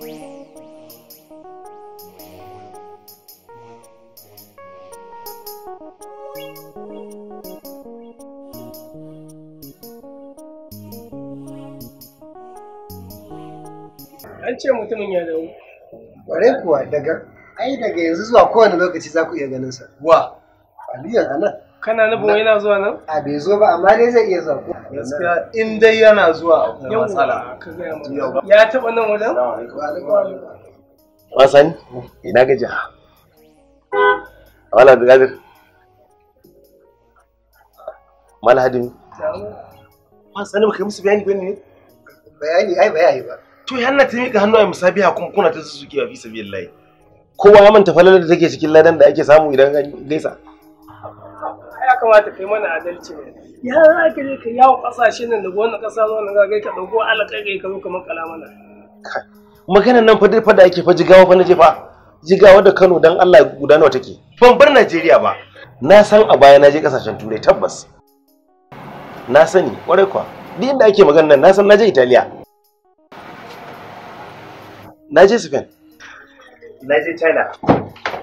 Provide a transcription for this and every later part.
An ce mutumin ya dawo. Ware kuwa daga ai daga yanzu zuwa kowane lokaci za ku iya ganin sa. Wa? Aliyan a nan. Kana nufin wai yana zuwa nan? A bai zo ba amma dai zai iya zuwa. gaskiya in dai yana zuwa akwai matsala ya taba nan wajen wasan ina gaji wala da gadir mala hadin wasan ba kai musu bayani bane ne bayani ai bayani ba to yanna ta mika hannu ai musabiya kuma kuna ta suke fi sabilillahi kowa ya manta falalar da take cikin ladan da ake samu idan gaisa ya kamata kai mana adalci ne ya za ka je ka yawo ƙasashe nan daga wannan ƙasa zuwa nan gagai ka ɗauko alaƙaƙe ka zo kamar kalamana. maganan nan fadar fada ake fa jigawa fa na je fa jigawa da kano dan allah guda nawa take ban bar najeriya ba na san a baya na je ƙasashen turai tabbas na sani kwarai kuwa duk inda ake maganan nan na san na je italiya na je spain na je china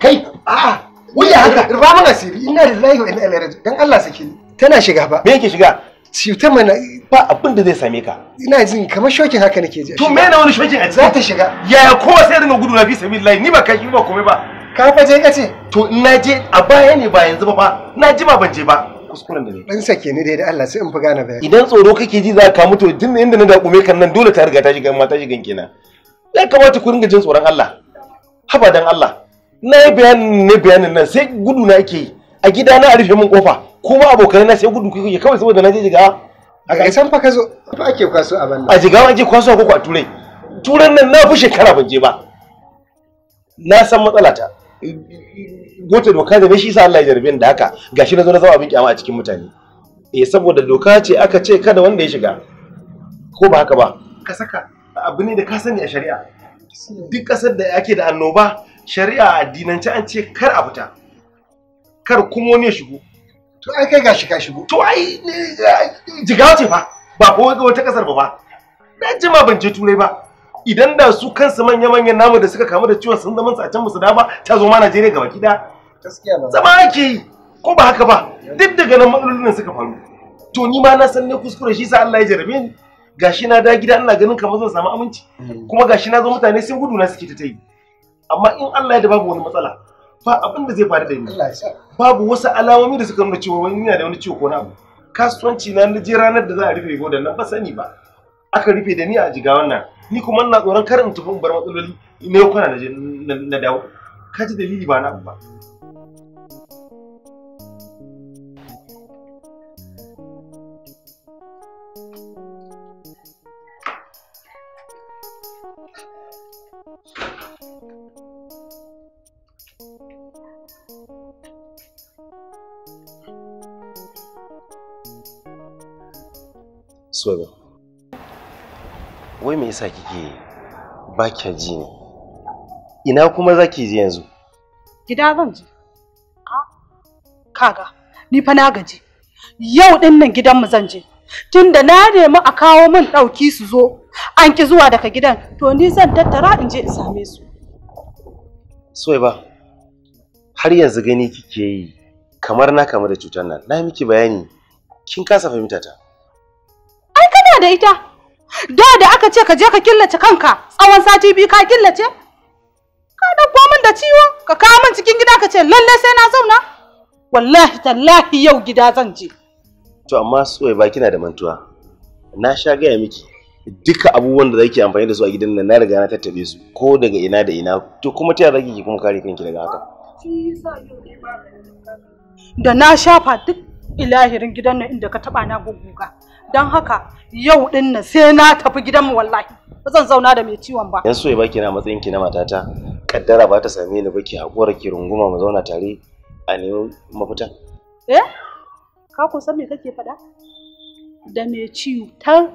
kai a'a wuya haka ramin asiri ina lillahi wa inna ilaihi raji'un dan allah sake ni tana shiga ba me yake shiga cutar mana ba abin da zai same ka ina jin kamar shokin haka nake ji to me na wani shokin a za ta shiga ya kowa sai dinga gudu na fi lai ni ba kai ba komai ba ka fa je kace to ina je a baya ne ba yanzu ba fa na ji ba ban je ba kuskuren da ne dan sake ni dai da Allah sai in fi gane bayani idan tsoro kake ji za ka mutu din inda na kume kan nan dole ta riga ta shiga ma ta shigan kenan ya kamata ku ringa jin tsoron Allah haba dan Allah na yi bayanin ne bayanin nan sai gudu na ake yi a gida na a rufe min kofa kuma abokai na sai gudu kuke kawai saboda na je jigawa a ga san fa ka zo fa ake kwaso a banna a jigawa ake kwaso ko a turai turan nan na fi shekara ban je ba na san matsala ta gote doka da shi sa Allah ya jarbe da haka gashi na zo na zama abin kyama a cikin mutane eh saboda doka ce aka ce kada wanda ya shiga ko ba haka ba ka saka abu ne da ka sani a shari'a duk ƙasar da ake da annoba shari'a addinance an ce kar a fita kar kuma wani ya shigo to ai kai gashi ka shigo to ai jigawa ce fa ba ko wata kasar ba ba na jima ban je turai ba idan da su kansu manya-manyan namu da suka kamu da ciwon sun a can musu ba ta zo ma Najeriya gaba gida. Zama ake yi ko ba haka ba duk daga nan matsalolin suka faru. To ni ma na san ne kuskure shi sa Allah ya jarabe ni. Gashi na da gida ina ganin kamar zan samu aminci hmm. kuma gashi na zo mutane sun gudu na suke ta yi. Amma in Allah ya da babu wani matsala ba abin da zai faru da ni babu wasu alamomi da suka nuna cewa wani yana da wani ciwo ko na abu kasuwanci na na je ranar da za a rufe da nan ba sani ba aka rufe da ni a jiga wannan ni kuma ina tsoron kar in tafi in bar matsaloli ne kuna na na dawo ka ji dalili ba na abu ba Suwaiba. Wai me yasa kike ba kya ji ne? Ina kuma za ki je yanzu? Gida zan je. Ah, kaga, ni fa na gaji. Yau din nan gidanmu zan je. Tunda na nemi a kawo min ɗauki su zo, an ki zuwa daga gidan, to ni zan tattara in je in same su. Suwaiba, har yanzu gani kike yi kamar na kamu da cutar nan, na miki bayani, kin kasa fahimta ta. ina da ita da da aka ce ka je ka killace kanka tsawon sati biyu ka killace ka dauko min da ciwo ka kawo min cikin gida ka ce lalle sai na zauna wallahi tallahi yau gida zan je to amma soyayya ba kina da mantuwa na sha gaya miki duka abubuwan da zaki amfani da su a gidan nan na riga na tattabe su ko daga ina da ina to kuma ta zaki ki kuma kare kanki daga haka da na shafa duk ilahirin gidan nan inda ka taba na guguga don haka yau din nan sai na tafi gidanmu wallahi ba zan zauna da mai ciwon ba yan ba kina na matsayin ki na matata kaddara ba ta same ni ba ki hakura ki runguma mu zauna tare a nemi mafita eh ka ku san me kake faɗa da mai ciwon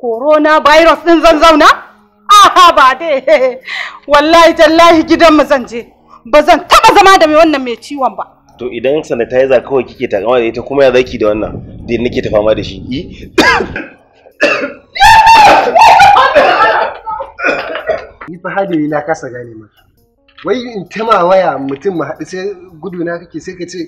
corona virus din zan zauna aha ba dai wallahi tallahi gidanmu zan je ba zan taba zama da mai wannan mai ciwon ba to idan sanitizer kawai kike takama da ita kuma ya zaki da wannan da nake ta fama da shi i ni fa hadiri na kasa gane ma wai in tama waya mutum ma haɗu sai gudu na kake sai ka ce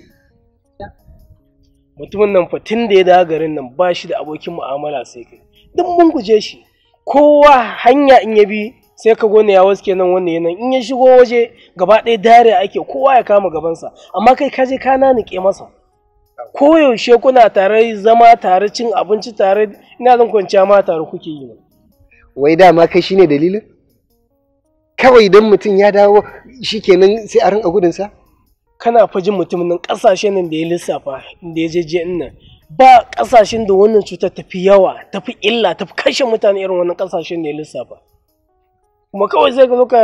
mutumin nan fa tun da ya dawo garin nan ba shi da abokin mu'amala sai kai duk mun guje shi kowa hanya in ya bi sai ka gone ya waske nan wannan yanan in ya shigo waje gaba ɗaya dare ake kowa ya kama gabansa amma kai ka je ka nanike masa koyaushe kuna tare zama tare cin abinci tare ina zan kwanciya ma tare kuke yi wai dama kai shine dalilin kawai don mutum ya dawo shi shikenan sai a rinka gudunsa kana fa jin mutum nan kasashen nan da ya lissafa da ya je nan ba kasashen da wannan cutar tafi yawa tafi illa tafi kashe mutane irin wannan kasashen da ya lissafa kuma kawai zai zo ka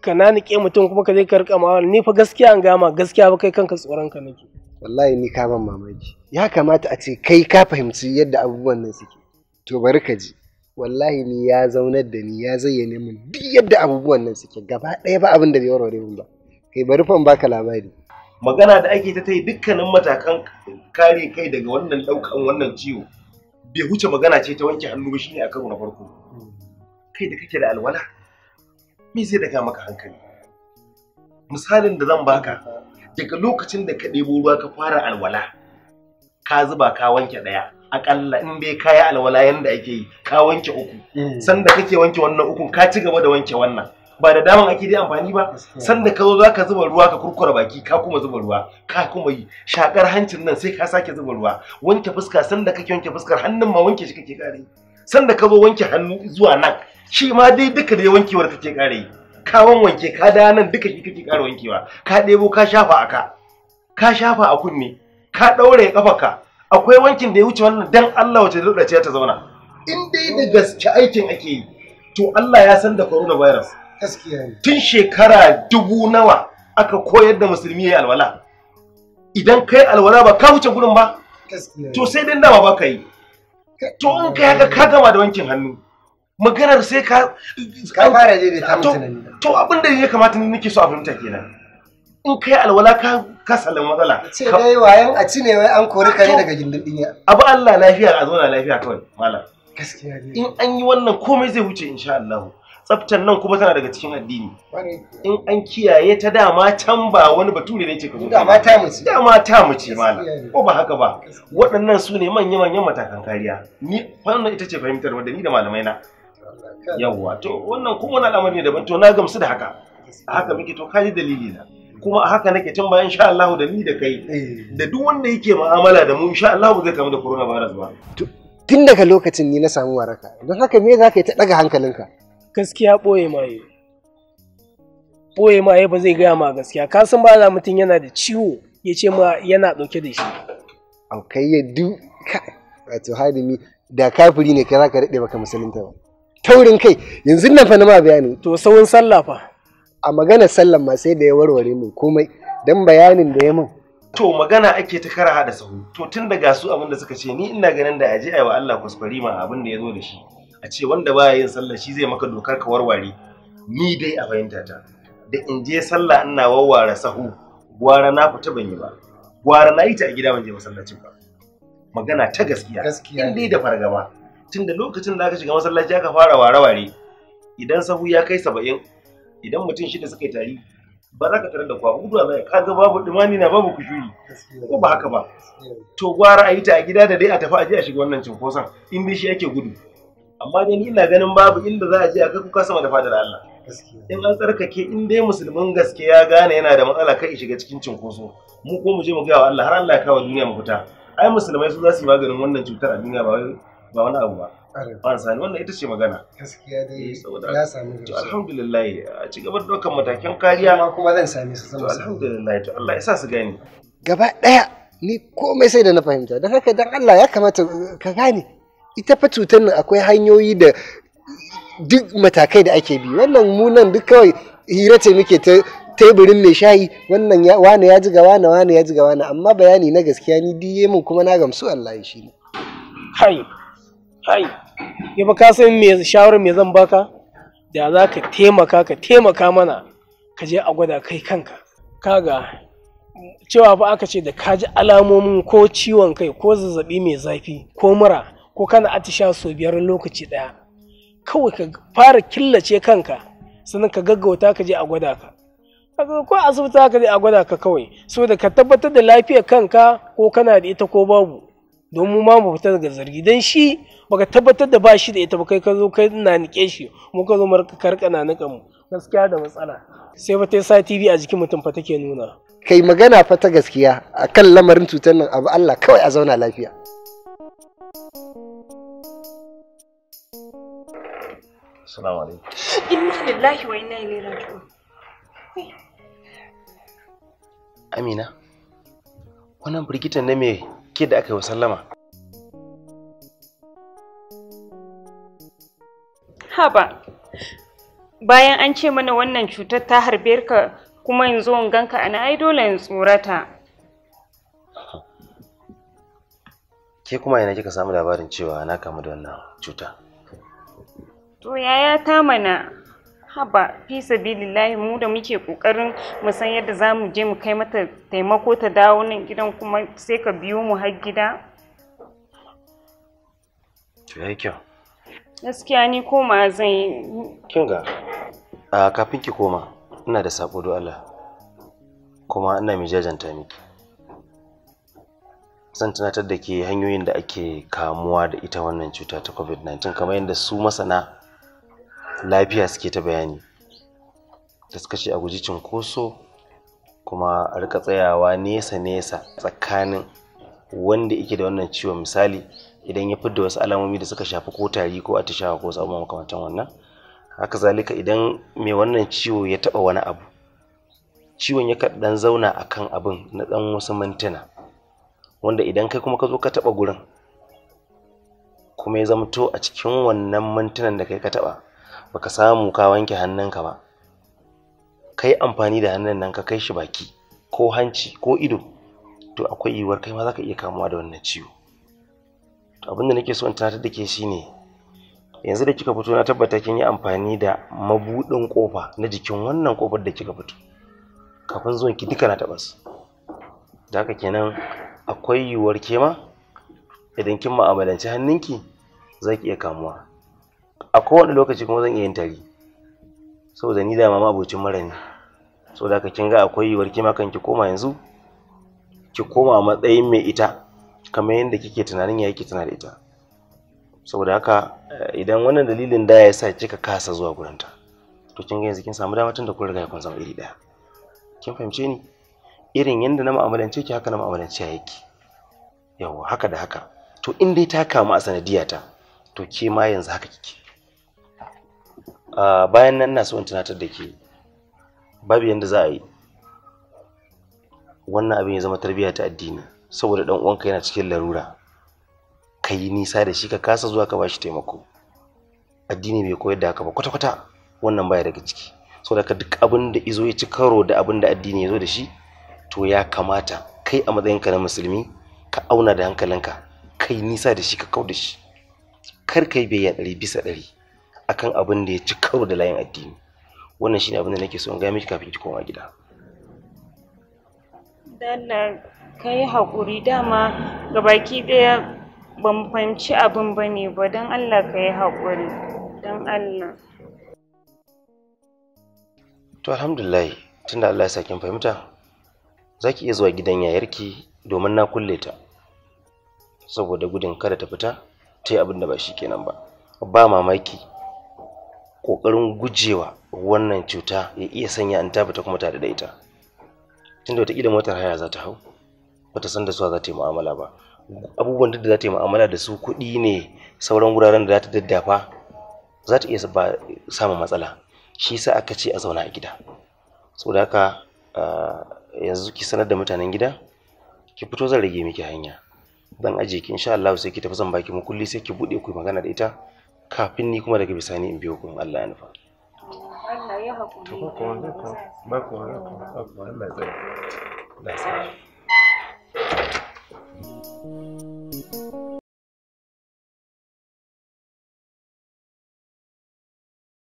ka nanike mutum kuma ka je ka rika mawa ni fa gaskiya an gama gaskiya ba kai kanka tsoron ka nake wallahi ni ka ban mamaki ya kamata a ce kai ka fahimci yadda abubuwan nan suke to bari ka ji wallahi ni ya zaunar da ni ya zayyane min duk yadda abubuwan nan suke gaba ɗaya ba abin da bai warware min ba kai bari fa in baka labari magana da ake ta ta yi dukkanin matakan kare kai daga wannan ɗaukan wannan ciwo bai huce magana ce ta wanke hannu ba shine a karo na farko hmm. kai da kake da alwala me zai daga maka hankali misalin da zan baka daga lokacin da ka ɗebo ruwa ka fara alwala ka zuba ka wanke ɗaya akalla in dai ka yi alwala yanda ake yi ka wanke uku mm. sanda kake wanke wannan ukun ka ci gaba da wanke wannan ba da daman ake dai amfani ba sanda ka zo zaka zuba ruwa ka kurkura baki ka kuma zuba ruwa ka kuma yi shakar hancin nan sai ka sake zuba ruwa wanke fuska sanda kake wanke fuskar hannun ma wanke shi kake kare sanda ka zo wanke hannu zuwa nan shi ma dai duka dai wankewar kake ƙara yi ka wanwanke ka da nan duka shi kake kare wankewa ka ɗebo ka shafa a ka shafa a kunne ka ɗaure ka akwai wankin da ya wuce wannan dan Allah wace da ya ta zauna in dai da gaske aikin ake yi to Allah ya san da coronavirus gaskiya tun shekara dubu nawa aka koyar da musulmi yi alwala idan kai alwala ba ka wuce gurin ba to sai dai dama ba ka yi to in kai haka ka gama da wankin hannu maganar sai ka ka fara je ta ni. to abin da ya kamata ni nake so a fahimta kenan in kai alwala ka ka sallan matsala ce dai wayan a ci ne wai an kori kare daga gindin dinya abu Allah lafiya a zauna lafiya kawai malam gaskiya ne in an yi wannan komai zai wuce insha Allah tsaftar nan kuma tana daga cikin addini in an kiyaye ta dama can ba wani batu ne ce ka dama ta mace dama ta mace malam ko ba haka ba waɗannan su ne manya-manyan matakan kariya ni wannan ita ce fahimtar wadda ni da malamai na yawwa to wannan kuma wani al'amari daban to na gamsu da haka a haka muke to kaji dalili na kuma a haka nake tun bayan insha Allah da ni da kai eh. da duk wanda yake mu'amala da mu insha Allah zai kamu da coronavirus ba tun daga lokacin ni na samu waraka don haka me za ka yi ta daga hankalinka gaskiya boye maye boye maye ba zai gaya ma gaskiya ka san ba mutum yana da ciwo ya ce ma yana dauke da shi aukai ya du wato hadimi da kafiri ne kai za ka daɗe baka musulunta ba taurin kai yanzu nan fa na ma bayani to sauran sallah a magana sallan ma sai da ya warware min komai dan bayanin da ya mun to magana ake ta kara hada sahu to tun daga su abin da suka ce ni ina ganin da aje ayi wa Allah kwaskwarima ma abin da ya zo da shi a ce wanda baya yin sallah shi zai maka dokar ka warware ni dai a fahimta ta da in je sallah ina warware sahu gwara na fita ban yi ba gwara na yi ta a gida ban je masallacin ba magana ta gaskiya gaskiya dai da fargaba tun da lokacin da aka shiga masallaci aka fara ware-ware idan sahu ya kai saba'in idan mutum shida suka yi tari ba za ka tarar da kwa gudu za kaga ga babu dumani na babu kushuri ko ba haka ba to gwara a yi ta a gida da dai a tafi a je a shiga wannan cinkoson in dai shi ake gudu amma dai ni ina ganin babu inda za a je a kai kuka sama da fadar Allah in an tsarkake in dai musulmin gaske ya gane yana da matsala kai shiga cikin cinkoso mu ko mu je mu ga Allah har Allah ya kawo duniya mu fita ai musulmai su za su yi maganin wannan cutar a duniya ba wai ba wani abu ba ba sani wannan ita ce magana gaskiya dai ya eh, samu to alhamdulillah a ci gaba da dukkan matakan kariya ma kuma zan same su sama alhamdulillah to Allah ya sa su gane gaba daya ni komai sai da na fahimta don haka dan Allah ya kamata eh, ka gane ita fa cutar nan akwai hanyoyi da duk matakai da ake bi wannan mu nan duk kawai hira ce muke ta teburin mai shayi wannan wani ya jiga wane wani ya jiga wane amma bayani na gaskiya ni diye mun kuma na gamsu Allah shi ne. Hai, hai ya ba ka san shawarar me zan baka da za ka taimaka ka taimaka mana ka je a gwada kai kanka kaga cewa fa aka ce da kaji alamomin ko ciwon kai ko zazzabi mai zafi ko mura ko kana atisha sau biyar lokaci ɗaya kawai ka fara killace kanka sannan ka gaggauta ka je a gwada ka ko asibiti ka je a gwada ka kawai saboda ka tabbatar da lafiyar kanka ko kana da ita ko babu don mu ma mu fita daga zargi don shi baka tabbatar da bashi da ita ba kai ka zo kai na nike shi mu ka zo karka na nika mu gaskiya da matsala sai ba ta sa tv a jikin mutum fa take nuna kai magana fa ta gaskiya akan lamarin cutar nan abu Allah kawai a zauna lafiya Assalamu alaikum. Inna lillahi wa inna ilaihi raji'un. Amina, wannan birgitan na me ke da aka yi sallama haba bayan an ce mana wannan cutar ta harbe ka kuma yanzu in ganka ana ai dole in tsorata ke kuma ina kika samu labarin cewa na kamu da wannan cuta to yaya ta mana haba fi sabilillahi mu da muke kokarin mu san yadda za mu je mu kai mata taimako ta dawo nan gidan kuma sai ka biyo mu har gida gaskiya ni koma zan yi kin ga a kafin ki koma ina da sako do Allah kuma ina mai jajanta miki zan tunatar da ke hanyoyin da ake kamuwa da ita wannan cuta ta covid-19 kamar yadda su masana lafiya suke ta bayani da suka ce a guji cinkoso kuma a rika tsayawa nesa-nesa tsakanin wanda yake da wannan ciwon misali idan ya fidda wasu alamomi da suka shafi ko tari ko atishawa ko sabon makamantan wannan haka zalika idan mai wannan ciwo ya taba wani abu ciwon ya dan zauna a kan abin na ɗan wasu mintuna wanda idan kai kuma ka zo ka taba gurin kuma ya to a cikin wannan mintunan da kai ka taba baka samu ka wanke hannunka ba ka yi amfani da hannun nan ka kai shi baki ko hanci ko ido to akwai yiwuwar kai ma za ka iya kamuwa da wannan ciwo to abin da nake so in tunatar da ke shine yanzu da kika fito na tabbata kin yi amfani da mabuɗin kofa na jikin wannan kofar da kika fito kafin zuwan ki duka na taɓas da haka kenan akwai yiwuwar ke ma idan kin ma'amalanci hannunki za ki iya kamuwa a kowane lokaci kuma zan iya yin tari saboda ni da mama abocin mara ne saboda haka kin ga akwai yiwuwar kima kan ki koma yanzu ki koma matsayin mai ita kamar yadda kike tunanin ya yake tana da ita saboda haka eh, idan wannan dalilin da ya sa kika kasa zuwa gurinta to kin ga yanzu kin samu dama tun da kun riga kun zama iri daya kin fahimce ni irin yadda na mu'amalance ki haka na mu'amalance yake yawa haka da haka to in dai ta kamu a sanadiyata to ke ma yanzu haka kike bayan nan na so in tunatar da ke babu yadda za a yi wannan abin ya zama tarbiyya ta addini saboda dan uwanka yana cikin larura ka yi nisa da shi ka kasa zuwa ka bashi taimako addini bai koyar da haka ba kwata-kwata wannan baya daga ciki saboda ka duk abin da izo ya ci karo da abin da addini ya zo da shi to ya kamata kai a matsayinka na musulmi ka auna da hankalinka kai nisa da shi ka kau da shi kar kai biyayya ɗari bisa ɗari akan abin da ya ci karo da layin addini wannan shine abin da nake so in ga miki kafin ki koma gida na kai haƙuri dama gabaki ɗaya ban fahimci abin ba ne ba don Allah ka yi haƙuri don Allah to alhamdulillah tunda Allah ya sakin fahimta za ki iya zuwa gidan yayarki domin na kulle ta saboda gudun kada ta fita ta yi abin da ba shi kenan ba ba mamaki ƙoƙarin gujewa wannan cuta ya iya sanya an tabbata kuma ta da ita tunda wataƙila motar haya za ta hau bata san da suwa za ta yi mu'amala ba abubuwan da za ta yi mu'amala da su kuɗi ne sauran wuraren da za ta daddafa za ta iya samun matsala shi sa aka ce a zauna a gida saboda haka ah, yanzu ki sanar da mutanen gida ki fito zan rage miki hanya dan aje ki insha Allah sai ki tafi zan baki kulli sai ki bude ku magana da ita kafin ni kuma daga bisani in biyo kuma Allah ya nufa Allah ya